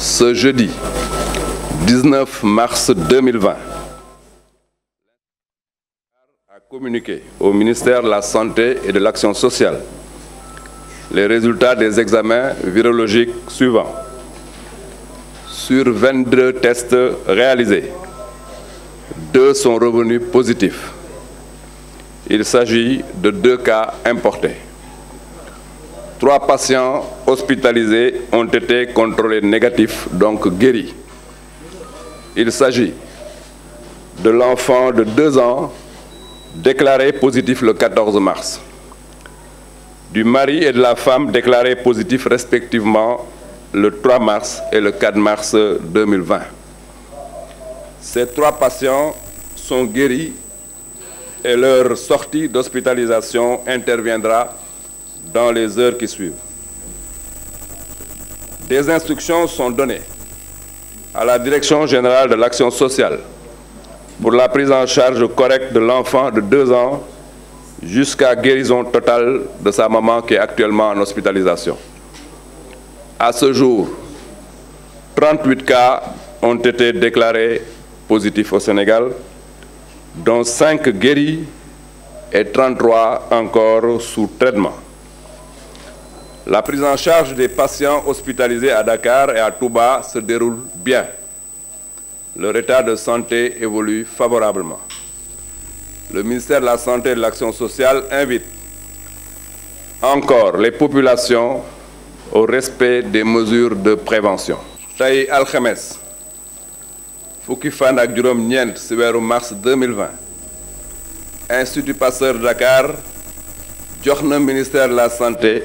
ce jeudi 19 mars 2020, a communiqué au ministère de la Santé et de l'Action sociale les résultats des examens virologiques suivants. Sur 22 tests réalisés, deux sont revenus positifs. Il s'agit de deux cas importés. Trois patients hospitalisés ont été contrôlés négatifs, donc guéris. Il s'agit de l'enfant de 2 ans déclaré positif le 14 mars, du mari et de la femme déclarés positifs respectivement le 3 mars et le 4 mars 2020. Ces trois patients sont guéris et leur sortie d'hospitalisation interviendra dans les heures qui suivent. Des instructions sont données à la Direction générale de l'action sociale pour la prise en charge correcte de l'enfant de 2 ans jusqu'à guérison totale de sa maman qui est actuellement en hospitalisation. À ce jour, 38 cas ont été déclarés positifs au Sénégal, dont 5 guéris et 33 encore sous traitement. La prise en charge des patients hospitalisés à Dakar et à Touba se déroule bien. Leur état de santé évolue favorablement. Le ministère de la Santé et de l'Action sociale invite encore les populations au respect des mesures de prévention. Taï al mars 2020 Institut Pasteur Dakar ministère de la santé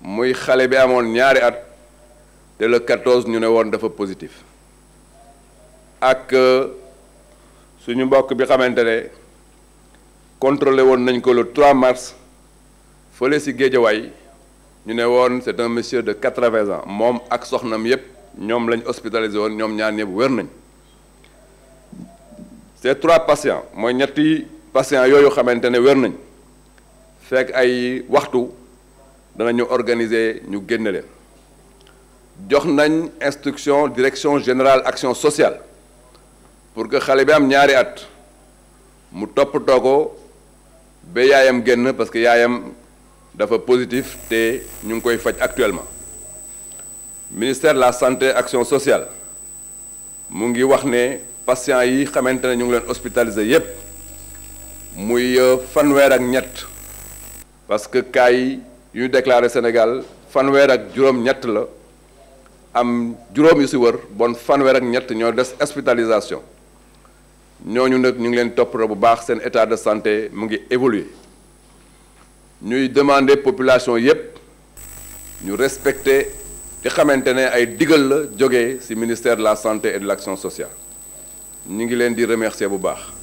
muy xale bi amoon ñaari at te le 14 ñu ne woon dafa positif ak euh, suñu mbokk bi xamante ne contrôlé woon nañ ko le 3 mars fële si Géejawaay ñu ne woon c'est un monsieur de 80 ans moom ak soxnam yépp ñoom lañ hospitalisé woon ñoom ñaar ñëpp wér nañ ces trois patients mooy ñetti patients yooyu xamante ne wér nañ fekk ay waxtu danañu organiser ñu génn leen jox nañ instruction direction générale action sociale pour que xale bi am ñaari at mu toppatoo ko ba yaayam génn parce que yaayam dafa positif te ñu ngi koy faj actuellement ministère de la santé action sociale mu ngi wax ne patients yi xamante ne ñu ngi leen hospitalisé yépp muy euh, fanweer ak ñett parce que cas yi yu ñu déclaré Sénégal fanweer ak juróom-ñett la am juróom yu si wër bon fanweer ak ñett ñoo des hospitalisation ñooñu nag ñu ngi leen toppatoo bu baax seen état de santé mu ngi évoluer ñuy demander population yépp ñu respecter di xamante ne ay digal la jógee ci ministère de la santé et de l'action sociale ñu ngi leen di remercier bu baax.